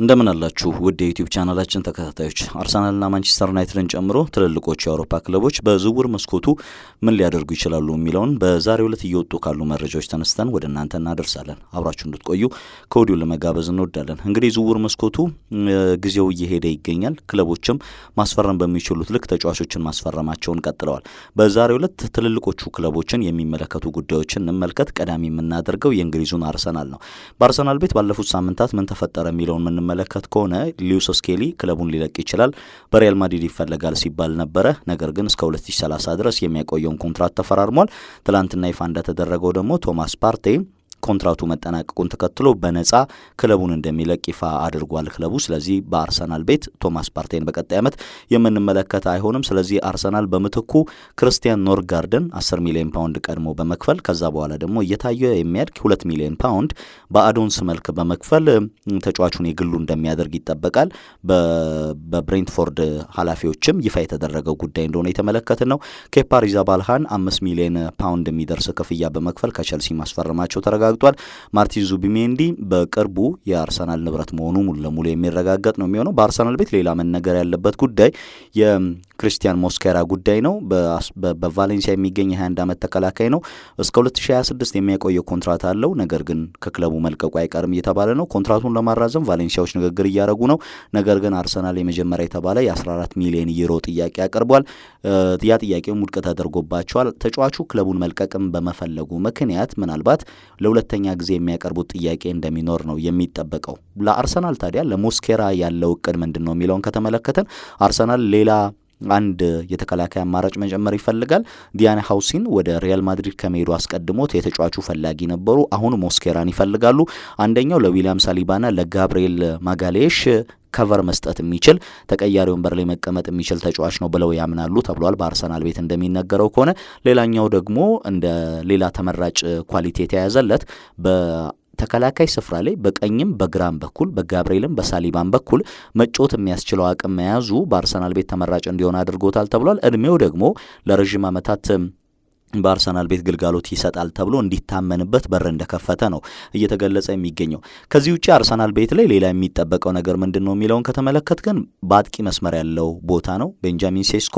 እንደምን አላችሁ ውድ የዩቲዩብ ቻናላችን ተከታታዮች፣ አርሰናልና ማንቸስተር ዩናይትድን ጨምሮ ትልልቆች የአውሮፓ ክለቦች በዝውውር መስኮቱ ምን ሊያደርጉ ይችላሉ የሚለውን በዛሬው ዕለት እየወጡ ካሉ መረጃዎች ተነስተን ወደ እናንተ እናደርሳለን። አብራችሁ እንድትቆዩ ከወዲሁ ለመጋበዝ እንወዳለን። እንግዲህ ዝውር መስኮቱ ጊዜው እየሄደ ይገኛል። ክለቦችም ማስፈረም በሚችሉት ልክ ተጫዋቾችን ማስፈረማቸውን ቀጥለዋል። በዛሬው ዕለት ትልልቆቹ ክለቦችን የሚመለከቱ ጉዳዮችን እንመልከት። ቀዳሚ የምናደርገው የእንግሊዙን አርሰናል ነው። በአርሰናል ቤት ባለፉት ሳምንታት ምን ተፈጠረ የሚለውን የምንመለከት ከሆነ ሊዩስ ስኬሊ ክለቡን ሊለቅ ይችላል፣ በሪያል ማድሪድ ይፈለጋል ሲባል ነበረ። ነገር ግን እስከ 2030 ድረስ የሚያቆየውን ኮንትራት ተፈራርሟል። ትላንትና ይፋ እንደተደረገው ደግሞ ቶማስ ፓርቴ ኮንትራቱ መጠናቀቁን ተከትሎ በነጻ ክለቡን እንደሚለቅ ይፋ አድርጓል ክለቡ። ስለዚህ በአርሰናል ቤት ቶማስ ፓርቴን በቀጣይ ዓመት የምንመለከት አይሆንም። ስለዚህ አርሰናል በምትኩ ክርስቲያን ጋርደን 10 ሚሊዮን ፓውንድ ቀድሞ በመክፈል ከዛ በኋላ ደግሞ እየታየ የሚያድግ 2 ሚሊዮን ፓውንድ በአዶንስ መልክ በመክፈል ተጫዋቹን የግሉ እንደሚያደርግ ይጠበቃል። በብሬንትፎርድ ኃላፊዎችም ይፋ የተደረገው ጉዳይ እንደሆነ የተመለከትን ነው። ኬፓ አሪዛባላጋን 5 ሚሊዮን ፓውንድ የሚደርስ ክፍያ በመክፈል ከቸልሲ ማስፈረማቸው ተረጋግጧል። አረጋግጧል። ማርቲን ዙቢሜንዲ በቅርቡ የአርሰናል ንብረት መሆኑ ሙሉ ለሙሉ የሚረጋገጥ ነው የሚሆነው። በአርሰናል ቤት ሌላ መነገር ያለበት ጉዳይ ክርስቲያን ሞስኬራ ጉዳይ ነው። በቫሌንሲያ የሚገኝ የ21 ዓመት ተከላካይ ነው። እስከ 2026 የሚያቆየው ኮንትራት አለው። ነገር ግን ከክለቡ መልቀቁ አይቀርም እየተባለ ነው። ኮንትራቱን ለማራዘም ቫሌንሲያዎች ንግግር እያደረጉ ነው። ነገር ግን አርሰናል የመጀመሪያ የተባለ የ14 ሚሊዮን ዩሮ ጥያቄ አቅርቧል። ያ ጥያቄውም ውድቅ ተደርጎባቸዋል። ተጫዋቹ ክለቡን መልቀቅም በመፈለጉ ምክንያት ምናልባት ለሁለተኛ ጊዜ የሚያቀርቡት ጥያቄ እንደሚኖር ነው የሚጠበቀው። ለአርሰናል ታዲያ ለሞስኬራ ያለው እቅድ ምንድን ነው የሚለውን ከተመለከተን አርሰናል ሌላ አንድ የተከላካይ አማራጭ መጨመር ይፈልጋል። ዲያና ሀውሲን ወደ ሪያል ማድሪድ ከመሄዱ አስቀድሞት የተጫዋቹ ፈላጊ ነበሩ። አሁን ሞስኬራን ይፈልጋሉ። አንደኛው ለዊሊያም ሳሊባና ለጋብርኤል ማጋሌሽ ከቨር መስጠት የሚችል ተቀያሪ ወንበር ላይ መቀመጥ የሚችል ተጫዋች ነው ብለው ያምናሉ ተብሏል። በአርሰናል ቤት እንደሚነገረው ከሆነ ሌላኛው ደግሞ እንደ ሌላ ተመራጭ ኳሊቲ የተያያዘለት በ ተከላካይ ስፍራ ላይ በቀኝም በግራም በኩል በጋብርኤልም በሳሊባም በኩል መጫወት የሚያስችለው አቅም መያዙ በአርሰናል ቤት ተመራጭ እንዲሆን አድርጎታል ተብሏል። እድሜው ደግሞ ለረዥም ዓመታት በአርሰናል ቤት ግልጋሎት ይሰጣል ተብሎ እንዲታመንበት በር እንደከፈተ ነው እየተገለጸ የሚገኘው። ከዚህ ውጭ አርሰናል ቤት ላይ ሌላ የሚጠበቀው ነገር ምንድን ነው የሚለውን ከተመለከት ግን በአጥቂ መስመር ያለው ቦታ ነው። ቤንጃሚን ሴስኮ፣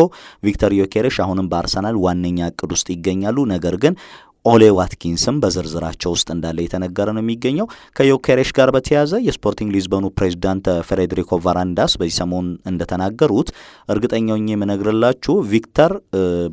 ቪክተር ዮኬሬሽ አሁንም በአርሰናል ዋነኛ እቅድ ውስጥ ይገኛሉ። ነገር ግን ኦሌ ዋትኪንስም በዝርዝራቸው ውስጥ እንዳለ የተነገረ ነው የሚገኘው። ከዮኬሬሽ ጋር በተያያዘ የስፖርቲንግ ሊዝበኑ ፕሬዚዳንት ፌዴሪኮ ቫራንዳስ በዚህ ሰሞን እንደተናገሩት እርግጠኛው የምነግርላችሁ ቪክተር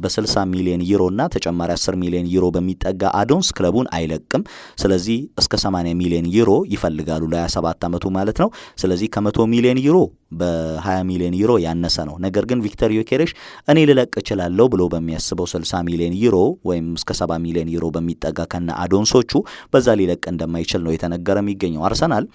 በ60 ሚሊዮን ዩሮና ተጨማሪ 10 ሚሊዮን ዩሮ በሚጠጋ አዶንስ ክለቡን አይለቅም። ስለዚህ እስከ 80 ሚሊዮን ዩሮ ይፈልጋሉ ለ27 ዓመቱ ማለት ነው። ስለዚህ ከ100 ሚሊዮን ዩሮ በ20 ሚሊዮን ዩሮ ያነሰ ነው። ነገር ግን ቪክተር ዮኬሬሽ እኔ ልለቅ እችላለሁ ብሎ በሚያስበው 60 ሚሊዮን ዩሮ ወይም እስከ 70 ሚሊዮን ዩሮ በሚጠጋ ከነ አዶንሶቹ በዛ ሊለቅ እንደማይችል ነው የተነገረ የሚገኘው አርሰናል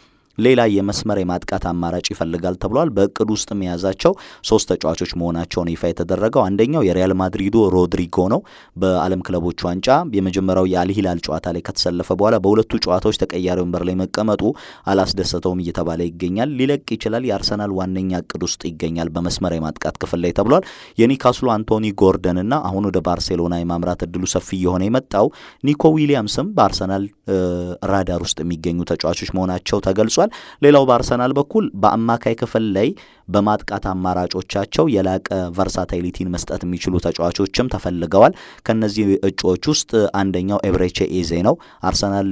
ሌላ የመስመር የማጥቃት አማራጭ ይፈልጋል ተብሏል። በእቅድ ውስጥ የያዛቸው ሶስት ተጫዋቾች መሆናቸውን ይፋ የተደረገው አንደኛው የሪያል ማድሪዱ ሮድሪጎ ነው። በዓለም ክለቦች ዋንጫ የመጀመሪያው የአልሂላል ጨዋታ ላይ ከተሰለፈ በኋላ በሁለቱ ጨዋታዎች ተቀያሪ ወንበር ላይ መቀመጡ አላስደሰተውም እየተባለ ይገኛል። ሊለቅ ይችላል፣ የአርሰናል ዋነኛ እቅድ ውስጥ ይገኛል በመስመር የማጥቃት ክፍል ላይ ተብሏል። የኒውካስሉ አንቶኒ ጎርደንና አሁን ወደ ባርሴሎና የማምራት እድሉ ሰፊ የሆነ የመጣው ኒኮ ዊሊያምስም በአርሰናል ራዳር ውስጥ የሚገኙ ተጫዋቾች መሆናቸው ተገልጿል። ተደርጓል። ሌላው በአርሰናል በኩል በአማካይ ክፍል ላይ በማጥቃት አማራጮቻቸው የላቀ ቨርሳታይሊቲን መስጠት የሚችሉ ተጫዋቾችም ተፈልገዋል። ከነዚህ እጩዎች ውስጥ አንደኛው ኤብሬቼ ኤዜ ነው። አርሰናል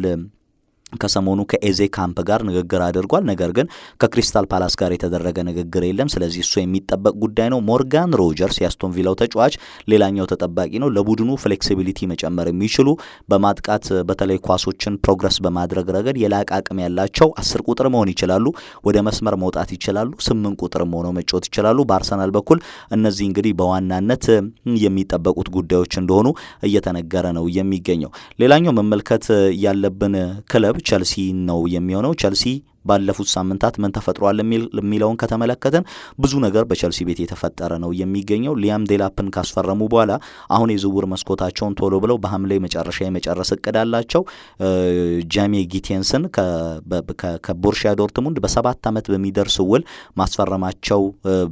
ከሰሞኑ ከኤዜ ካምፕ ጋር ንግግር አድርጓል። ነገር ግን ከክሪስታል ፓላስ ጋር የተደረገ ንግግር የለም። ስለዚህ እሱ የሚጠበቅ ጉዳይ ነው። ሞርጋን ሮጀርስ የአስቶን ቪላው ተጫዋች ሌላኛው ተጠባቂ ነው። ለቡድኑ ፍሌክሲቢሊቲ መጨመር የሚችሉ በማጥቃት በተለይ ኳሶችን ፕሮግረስ በማድረግ ረገድ የላቀ አቅም ያላቸው አስር ቁጥር መሆን ይችላሉ። ወደ መስመር መውጣት ይችላሉ። ስምንት ቁጥር ሆነው መጫወት ይችላሉ። በአርሰናል በኩል እነዚህ እንግዲህ በዋናነት የሚጠበቁት ጉዳዮች እንደሆኑ እየተነገረ ነው የሚገኘው። ሌላኛው መመልከት ያለብን ክለብ ቸልሲ ነው የሚሆነው። ቸልሲ ባለፉት ሳምንታት ምን ተፈጥሯል የሚለውን ከተመለከተን ብዙ ነገር በቸልሲ ቤት የተፈጠረ ነው የሚገኘው። ሊያም ዴላፕን ካስፈረሙ በኋላ አሁን የዝውውር መስኮታቸውን ቶሎ ብለው በሐምሌ መጨረሻ የመጨረስ እቅድ አላቸው። ጃሜ ጊቴንስን ከቦርሺያ ዶርትሙንድ በሰባት ዓመት በሚደርስ ውል ማስፈረማቸው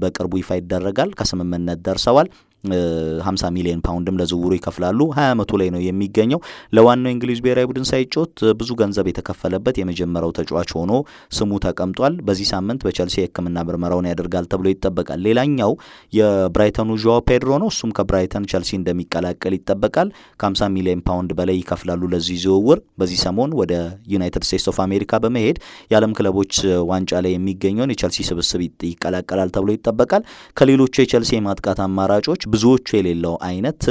በቅርቡ ይፋ ይደረጋል። ከስምምነት ደርሰዋል። 50 ሚሊዮን ፓውንድም ለዝውውሩ ይከፍላሉ። 20 ዓመቱ ላይ ነው የሚገኘው። ለዋናው የእንግሊዝ ብሔራዊ ቡድን ሳይጮት ብዙ ገንዘብ የተከፈለበት የመጀመሪያው ተጫዋች ሆኖ ስሙ ተቀምጧል። በዚህ ሳምንት በቸልሲ የሕክምና ምርመራውን ያደርጋል ተብሎ ይጠበቃል። ሌላኛው የብራይተኑ ዣዋ ፔድሮ ነው። እሱም ከብራይተን ቸልሲ እንደሚቀላቀል ይጠበቃል። ከ50 ሚሊዮን ፓውንድ በላይ ይከፍላሉ ለዚህ ዝውውር። በዚህ ሰሞን ወደ ዩናይትድ ስቴትስ ኦፍ አሜሪካ በመሄድ የዓለም ክለቦች ዋንጫ ላይ የሚገኘውን የቸልሲ ስብስብ ይቀላቀላል ተብሎ ይጠበቃል። ከሌሎቹ የቸልሲ የማጥቃት አማራጮች ብዙዎቹ የሌለው አይነት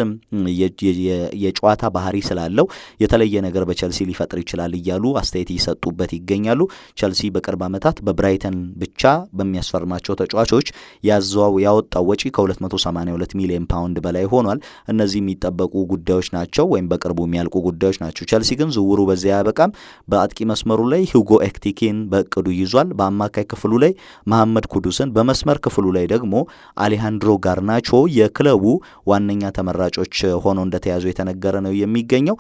የጨዋታ ባህሪ ስላለው የተለየ ነገር በቸልሲ ሊፈጥር ይችላል እያሉ አስተያየት እየሰጡበት ይገኛሉ። ቸልሲ በቅርብ ዓመታት በብራይተን ብቻ በሚያስፈርማቸው ተጫዋቾች ያዘው ያወጣው ወጪ ከ282 ሚሊዮን ፓውንድ በላይ ሆኗል። እነዚህ የሚጠበቁ ጉዳዮች ናቸው ወይም በቅርቡ የሚያልቁ ጉዳዮች ናቸው። ቸልሲ ግን ዝውሩ በዚያ ያበቃም። በአጥቂ መስመሩ ላይ ሂጎ ኤክቲኬን በእቅዱ ይዟል። በአማካይ ክፍሉ ላይ መሐመድ ኩዱስን፣ በመስመር ክፍሉ ላይ ደግሞ አሌሃንድሮ ጋርናቾ የክለ ክለቡ ዋነኛ ተመራጮች ሆኖ እንደተያዙ የተነገረ ነው የሚገኘው።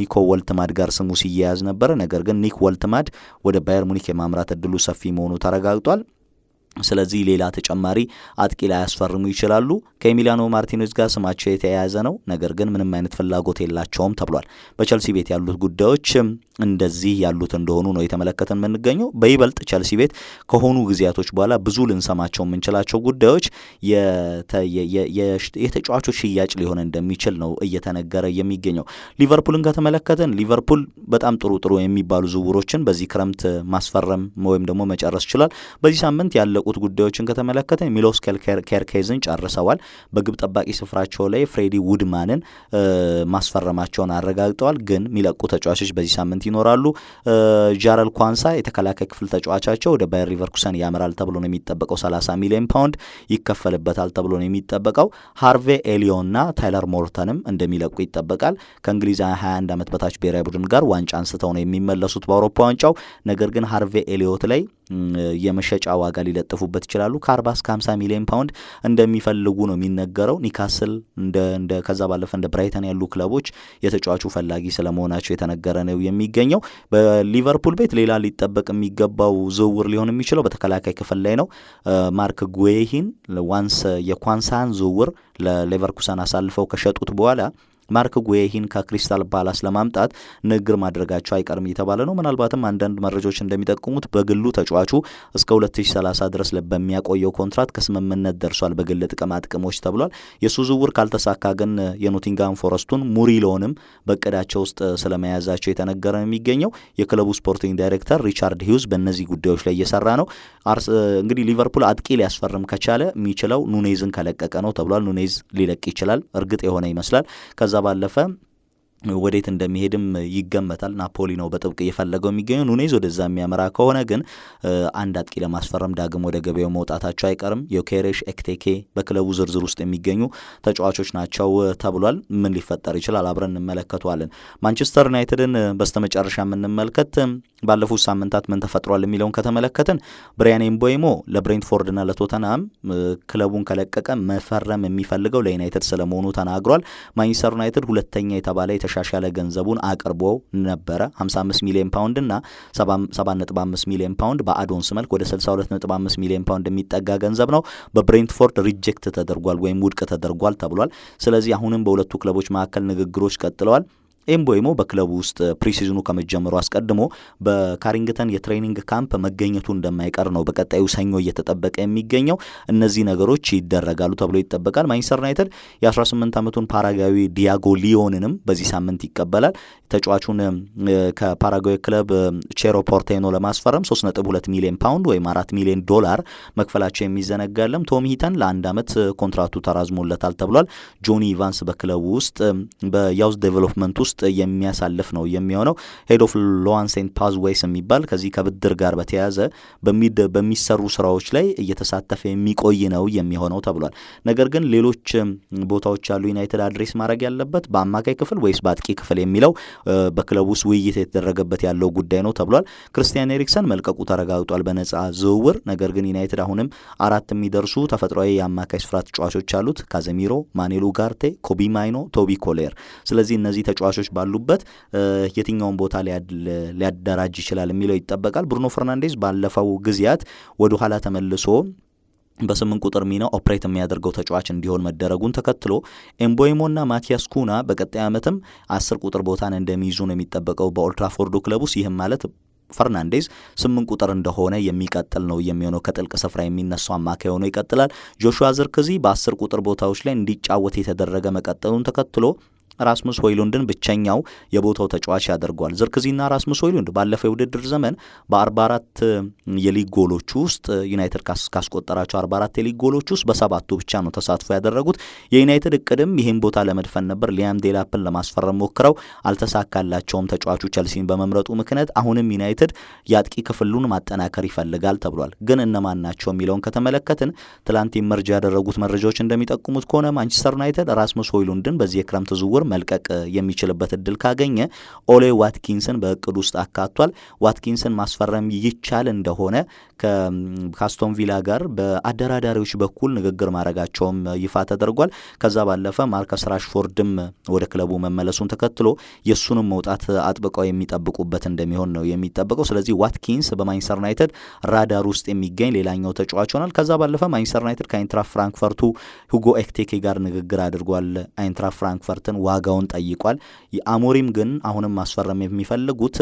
ኒኮ ወልትማድ ጋር ስሙ ሲያያዝ ነበረ። ነገር ግን ኒክ ወልትማድ ወደ ባየር ሙኒክ የማምራት እድሉ ሰፊ መሆኑ ተረጋግጧል። ስለዚህ ሌላ ተጨማሪ አጥቂ ያስፈርሙ ይችላሉ። ከኤሚሊያኖ ማርቲኔዝ ጋር ስማቸው የተያያዘ ነው። ነገር ግን ምንም አይነት ፍላጎት የላቸውም ተብሏል። በቸልሲ ቤት ያሉት ጉዳዮች እንደዚህ ያሉት እንደሆኑ ነው የተመለከተን የምንገኘው። በይበልጥ ቸልሲ ቤት ከሆኑ ጊዜያቶች በኋላ ብዙ ልንሰማቸው የምንችላቸው ጉዳዮች የተጫዋቾች ሽያጭ ሊሆን እንደሚችል ነው እየተነገረ የሚገኘው። ሊቨርፑልን ከተመለከትን ሊቨርፑል በጣም ጥሩ ጥሩ የሚባሉ ዝውውሮችን በዚህ ክረምት ማስፈረም ወይም ደግሞ መጨረስ ችሏል በዚህ ሳምንት ያለቁት ጉዳዮችን ከተመለከተ ሚሎስ ኬርኬዝን ጨርሰዋል። በግብ ጠባቂ ስፍራቸው ላይ ፍሬዲ ውድማንን ማስፈረማቸውን አረጋግጠዋል። ግን የሚለቁ ተጫዋቾች በዚህ ሳምንት ይኖራሉ። ጃረል ኳንሳ የተከላካይ ክፍል ተጫዋቻቸው ወደ ባየር ሊቨርኩሰን ያመራል ተብሎ ነው የሚጠበቀው። 30 ሚሊዮን ፓውንድ ይከፈልበታል ተብሎ ነው የሚጠበቀው። ሃርቬ ኤሊዮና ታይለር ሞርተንም እንደሚለቁ ይጠበቃል። ከእንግሊዝ 21 ዓመት በታች ብሔራዊ ቡድን ጋር ዋንጫ አንስተው ነው የሚመለሱት በአውሮፓ ዋንጫው። ነገር ግን ሃርቬ ኤሊዮት ላይ የመሸጫ ዋጋ ሊለጥፉበት ይችላሉ። ከ40 እስከ 50 ሚሊዮን ፓውንድ እንደሚፈልጉ ነው የሚነገረው። ኒካስል እንደ ከዛ ባለፈ እንደ ብራይተን ያሉ ክለቦች የተጫዋቹ ፈላጊ ስለመሆናቸው የተነገረ ነው የሚገኘው። በሊቨርፑል ቤት ሌላ ሊጠበቅ የሚገባው ዝውውር ሊሆን የሚችለው በተከላካይ ክፍል ላይ ነው። ማርክ ጉሄሂን ዋንስ የኳንሳን ዝውውር ለሌቨርኩሰን አሳልፈው ከሸጡት በኋላ ማርክ ጉዌሂን ከክሪስታል ፓላስ ለማምጣት ንግግር ማድረጋቸው አይቀርም እየተባለ ነው። ምናልባትም አንዳንድ መረጃዎች እንደሚጠቁሙት በግሉ ተጫዋቹ እስከ 2030 ድረስ በሚያቆየው ኮንትራት ከስምምነት ደርሷል በግል ጥቅማ ጥቅሞች ተብሏል። የእሱ ዝውውር ካልተሳካ ግን የኖቲንጋም ፎረስቱን ሙሪሎንም በእቅዳቸው ውስጥ ስለመያዛቸው የተነገረ ነው የሚገኘው። የክለቡ ስፖርቲንግ ዳይሬክተር ሪቻርድ ሂውዝ በእነዚህ ጉዳዮች ላይ እየሰራ ነው። እንግዲህ ሊቨርፑል አጥቂ ሊያስፈርም ከቻለ የሚችለው ኑኔዝን ከለቀቀ ነው ተብሏል። ኑኔዝ ሊለቅ ይችላል፣ እርግጥ የሆነ ይመስላል። ከዛ ባለፈ ወዴት እንደሚሄድም ይገመታል። ናፖሊ ነው በጥብቅ እየፈለገው የሚገኘው። ኑኔዝ ወደዛ የሚያመራ ከሆነ ግን አንድ አጥቂ ለማስፈረም ዳግም ወደ ገበያው መውጣታቸው አይቀርም። ዮኬሬሽ ኤክቴኬ በክለቡ ዝርዝር ውስጥ የሚገኙ ተጫዋቾች ናቸው ተብሏል። ምን ሊፈጠር ይችላል? አብረን እንመለከተዋለን። ማንቸስተር ዩናይትድን በስተመጨረሻ የምንመልከት ባለፉት ሳምንታት ምን ተፈጥሯል የሚለውን ከተመለከትን ብሪያን ኤምቦይሞ ለብሬንትፎርድና ለቶተናም ክለቡን ከለቀቀ መፈረም የሚፈልገው ለዩናይትድ ስለመሆኑ ተናግሯል። ማንቸስተር ዩናይትድ ሁለተኛ የተባለ የተሻሻለ ገንዘቡን አቅርቦ ነበረ 55 ሚሊዮን ፓውንድ እና 7.5 ሚሊዮን ፓውንድ በአዶንስ መልክ ወደ 62.5 ሚሊዮን ፓውንድ የሚጠጋ ገንዘብ ነው። በብሬንትፎርድ ሪጀክት ተደርጓል ወይም ውድቅ ተደርጓል ተብሏል። ስለዚህ አሁንም በሁለቱ ክለቦች መካከል ንግግሮች ቀጥለዋል። ኤምቦይሞ በክለቡ ውስጥ ፕሪሲዝኑ ከመጀመሩ አስቀድሞ በካሪንግተን የትሬኒንግ ካምፕ መገኘቱ እንደማይቀር ነው በቀጣዩ ሰኞ እየተጠበቀ የሚገኘው። እነዚህ ነገሮች ይደረጋሉ ተብሎ ይጠበቃል። ማንቸስተር ዩናይትድ የ18 ዓመቱን ፓራጓዊ ዲያጎ ሊዮንንም በዚህ ሳምንት ይቀበላል። ተጫዋቹን ከፓራጓዊ ክለብ ቼሮ ፖርቴኖ ለማስፈረም 3.2 ሚሊዮን ፓውንድ ወይም 4 ሚሊዮን ዶላር መክፈላቸው የሚዘነጋለም። ቶም ሂተን ለአንድ ዓመት ኮንትራቱ ተራዝሞለታል ተብሏል። ጆኒ ኢቫንስ በክለቡ ውስጥ በያውዝ ዴቨሎፕመንት ውስጥ ውስጥ የሚያሳልፍ ነው የሚሆነው። ሄድ ኦፍ ሎዋንስ ኤንድ ፓዝዌይስ የሚባል ከዚህ ከብድር ጋር በተያያዘ በሚሰሩ ስራዎች ላይ እየተሳተፈ የሚቆይ ነው የሚሆነው ተብሏል። ነገር ግን ሌሎች ቦታዎች ያሉ ዩናይትድ አድሬስ ማድረግ ያለበት በአማካይ ክፍል ወይስ በአጥቂ ክፍል የሚለው በክለቡ ውስጥ ውይይት የተደረገበት ያለው ጉዳይ ነው ተብሏል። ክርስቲያን ኤሪክሰን መልቀቁ ተረጋግጧል በነጻ ዝውውር። ነገር ግን ዩናይትድ አሁንም አራት የሚደርሱ ተፈጥሯዊ የአማካይ ስፍራ ተጫዋቾች አሉት፤ ካዘሚሮ፣ ማኔሉ ጋርቴ፣ ኮቢ ማይኖ፣ ቶቢ ኮሌር። ስለዚህ እነዚህ ተጫዋቾች ተጫዋቾች ባሉበት የትኛውን ቦታ ሊያደራጅ ይችላል የሚለው ይጠበቃል። ብሩኖ ፈርናንዴዝ ባለፈው ጊዜያት ወደ ኋላ ተመልሶ በስምንት ቁጥር ሚና ኦፕሬት የሚያደርገው ተጫዋች እንዲሆን መደረጉን ተከትሎ ኤምቦይሞና ማቲያስ ኩና በቀጣይ ዓመትም አስር ቁጥር ቦታን እንደሚይዙ ነው የሚጠበቀው በኦልትራፎርዶ ክለብ ውስጥ ይህም ማለት ፈርናንዴዝ ስምንት ቁጥር እንደሆነ የሚቀጥል ነው የሚሆነው። ከጥልቅ ስፍራ የሚነሳው አማካይ ሆኖ ይቀጥላል። ጆሹዋ ዝርክዚ በአስር ቁጥር ቦታዎች ላይ እንዲጫወት የተደረገ መቀጠሉን ተከትሎ ራስሙስ ሆይሉንድን ብቸኛው የቦታው ተጫዋች ያደርገዋል። ዝርክዚና ራስሙስ ሆይሉንድ ባለፈው የውድድር ዘመን በ44 የሊግ ጎሎች ውስጥ ዩናይትድ ካስቆጠራቸው 44 የሊግ ጎሎች ውስጥ በሰባቱ ብቻ ነው ተሳትፎ ያደረጉት። የዩናይትድ እቅድም ይህን ቦታ ለመድፈን ነበር። ሊያም ዴላፕን ለማስፈረም ሞክረው አልተሳካላቸውም። ተጫዋቹ ቸልሲን በመምረጡ ምክንያት አሁንም ዩናይትድ የአጥቂ ክፍሉን ማጠናከር ይፈልጋል ተብሏል። ግን እነማን ናቸው የሚለውን ከተመለከትን ትላንት መርጃ ያደረጉት መረጃዎች እንደሚጠቁሙት ከሆነ ማንቸስተር ዩናይትድ ራስሙስ ሆይሉንድን በዚህ የክረምት ዝውውር ወር መልቀቅ የሚችልበት እድል ካገኘ ኦሌ ዋትኪንስን በእቅድ ውስጥ አካቷል። ዋትኪንስን ማስፈረም ይቻል እንደሆነ ከአስቶን ቪላ ጋር በአደራዳሪዎች በኩል ንግግር ማድረጋቸውም ይፋ ተደርጓል። ከዛ ባለፈ ማርከስ ራሽፎርድም ወደ ክለቡ መመለሱን ተከትሎ የእሱንም መውጣት አጥብቀው የሚጠብቁበት እንደሚሆን ነው የሚጠበቀው። ስለዚህ ዋትኪንስ በማንችስተር ዩናይትድ ራዳር ውስጥ የሚገኝ ሌላኛው ተጫዋች ሆናል። ከዛ ባለፈ ማንችስተር ዩናይትድ ከአይንትራ ፍራንክፈርቱ ሁጎ ኤክቴኬ ጋር ንግግር አድርጓል። አይንትራ ፍራንክፈርትን ዋጋውን ጠይቋል። የአሞሪም ግን አሁንም ማስፈረም የሚፈልጉት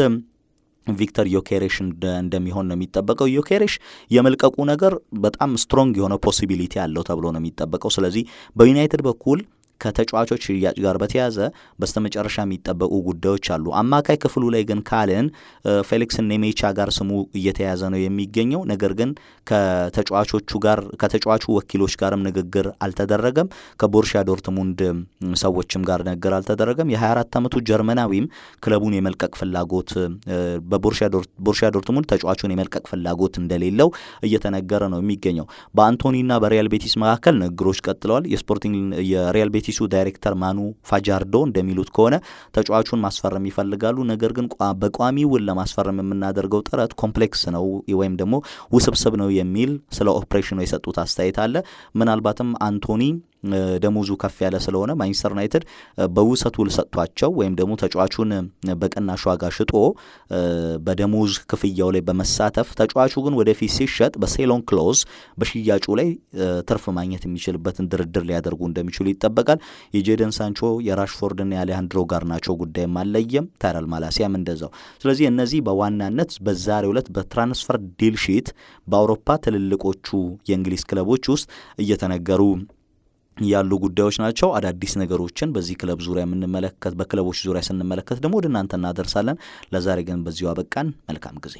ቪክተር ዮኬሬሽ እንደሚሆን ነው የሚጠበቀው። ዮኬሬሽ የመልቀቁ ነገር በጣም ስትሮንግ የሆነ ፖሲቢሊቲ አለው ተብሎ ነው የሚጠበቀው። ስለዚህ በዩናይትድ በኩል ከተጫዋቾች ሽያጭ ጋር በተያዘ በስተመጨረሻ የሚጠበቁ ጉዳዮች አሉ። አማካይ ክፍሉ ላይ ግን ካልን ፌሊክስ ኔሜቻ ጋር ስሙ እየተያዘ ነው የሚገኘው። ነገር ግን ከተጫዋቾቹ ጋር ከተጫዋቹ ወኪሎች ጋርም ንግግር አልተደረገም። ከቦርሻ ዶርትሙንድ ሰዎችም ጋር ንግግር አልተደረገም። የ24 ዓመቱ ጀርመናዊም ክለቡን የመልቀቅ ፍላጎት በቦርሻ ዶርትሙንድ ተጫዋቹን የመልቀቅ ፍላጎት እንደሌለው እየተነገረ ነው የሚገኘው። በአንቶኒና በሪያል ቤቲስ መካከል ንግግሮች ቀጥለዋል። የስፖርቲንግ የሪያል ቤቲስ የቤቲሱ ዳይሬክተር ማኑ ፋጃርዶ እንደሚሉት ከሆነ ተጫዋቹን ማስፈረም ይፈልጋሉ። ነገር ግን በቋሚ ውል ለማስፈረም የምናደርገው ጥረት ኮምፕሌክስ ነው ወይም ደግሞ ውስብስብ ነው የሚል ስለ ኦፕሬሽኑ የሰጡት አስተያየት አለ። ምናልባትም አንቶኒ ደሞዙ ከፍ ያለ ስለሆነ ማንቸስተር ዩናይትድ በውሰት ውል ሰጥቷቸው ወይም ደግሞ ተጫዋቹን በቅናሽ ዋጋ ሽጦ በደሞዝ ክፍያው ላይ በመሳተፍ ተጫዋቹ ግን ወደፊት ሲሸጥ በሴሎን ክሎዝ በሽያጩ ላይ ትርፍ ማግኘት የሚችልበትን ድርድር ሊያደርጉ እንደሚችሉ ይጠበቃል። የጄደን ሳንቾ የራሽፎርድና የአሌሃንድሮ ጋርናቾ ጉዳይም አለየም፣ ታይራል ማላሲያም እንደዛው። ስለዚህ እነዚህ በዋናነት በዛሬው ዕለት በትራንስፈር ዲል ሺት በአውሮፓ ትልልቆቹ የእንግሊዝ ክለቦች ውስጥ እየተነገሩ ያሉ ጉዳዮች ናቸው። አዳዲስ ነገሮችን በዚህ ክለብ ዙሪያ የምንመለከት በክለቦች ዙሪያ ስንመለከት ደግሞ ወደ እናንተ እናደርሳለን። ለዛሬ ግን በዚሁ አበቃን። መልካም ጊዜ